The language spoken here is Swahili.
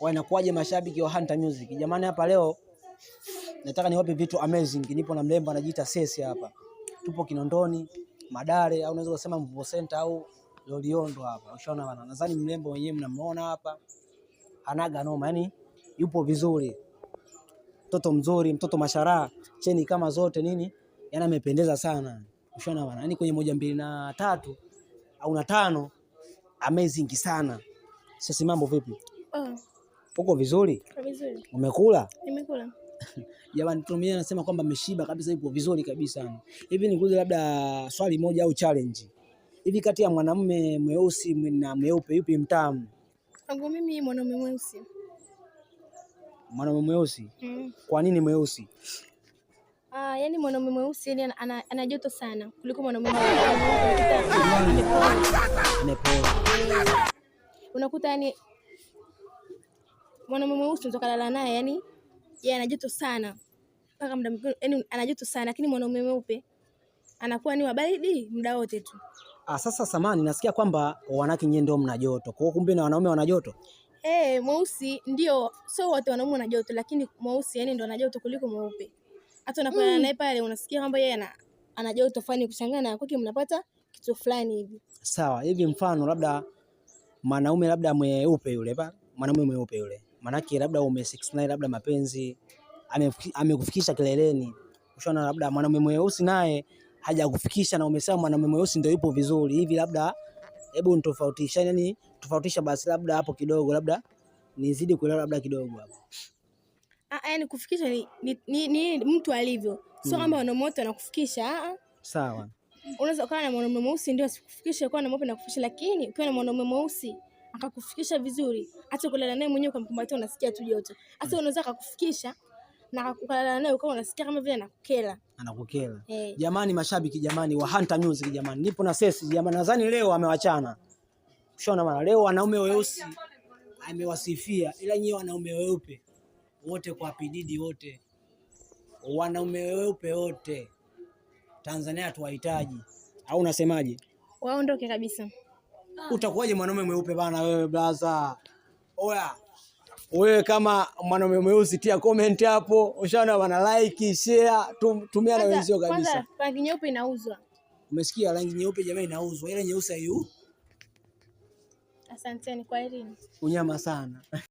wanakuwaje mashabiki wa Hunter Music? Jamani, hapa leo nataka niwape vitu amazing. Nipo na mlemba anajiita Sesi hapa, tupo Kinondoni Madare, au unaweza kusema Mvuo Center au Loliondo hapa, ushaona bana. Nadhani mlembo wenyewe mnamuona hapa, anaga noma, yani yupo vizuri, mtoto mzuri, mtoto masharaa, cheni kama zote nini, yana amependeza sana, ushaona bana, yani kwenye moja mbili na tatu au na tano, amazing sana. Sesi, mambo vipi? Oh. Uko vizuri? Vizuri. Umekula? Nimekula. Jamani, tumia anasema kwamba ameshiba kabisa, ipo vizuri kabisa. Hivi nikuulize labda swali moja au challenge. Hivi kati ya mwanamume mweusi na mweupe yupi mtamu? Kwangu mimi mwanamume mweusi. Mwanamume mweusi? Mm. Kwa nini mweusi? Ah, yani mwanamume mweusi yani ana joto sana kuliko mwanamume mweupe. Unakuta yani mwanamume mweusi unaweza kulala naye, yani yeye ana joto sana mpaka muda mwingine, yani ana joto sana, lakini mwanamume mweupe anakuwa ni wabaridi muda wote tu. Ah, sasa samani, nasikia kwamba wanawake nyinyi ndio mna joto, kwa hiyo kumbe na wanaume wana joto eh? hey, Mweusi ndio, sio wote wanaume wana joto, lakini mweusi yani ndio ana joto kuliko mweupe. Hata unapoona mm. naye pale unasikia kwamba yeye ana ana joto fulani, kuchangana kwake mnapata kitu fulani hivi. Sawa, hivi mfano labda mwanaume labda mweupe yule pale, mwanaume mweupe yule manake labda ume 69 labda mapenzi amekufikisha kileleni. Ushaona, labda mwanaume mweusi naye hajakufikisha na umesema mwanaume mweusi ndio yupo vizuri hivi, labda hebu nitofautisha, yani tofautisha basi, labda hapo kidogo, labda nizidi kuelewa, labda kidogo hapo. Ah, ah yani kufikisha ni, ni, ni, ni mtu alivyo, sio hmm. kama wanaume wote wanakufikisha. Ah, ah. Sawa, unaweza ukawa na mwanaume mweusi ndio sikufikisha, kwa na mwanaume na kufikisha, lakini ukiwa na mwanaume mweusi akakufikisha vizuri, hata kulala naye mwenyewe ukamkumbatia unasikia tu joto. Hata unaweza akakufikisha na ukalala naye ukawa unasikia kama vile anakukela. Anakukela. Hey. Eh. Jamani mashabiki jamani wa Hunter Music jamani. Nipo na Sesi jamani. Nadhani leo amewachana. Ushaona maana leo wanaume weusi amewasifia ila nyewe wanaume weupe wote kwa pididi wote wanaume weupe wote Tanzania hatuwahitaji, au unasemaje? Waondoke kabisa. Ah. Utakuwaje mwanaume mweupe bana wewe blaza? Oya. Wewe kama mwanaume mweusi tia comment hapo. Ushaona bana, like, share, tumia na wenzio kabisa. rangi nyeupe inauzwa. Umesikia rangi nyeupe jamani inauzwa. Ile nyeusi hiyo. Asanteni kwa elimu. Unyama sana.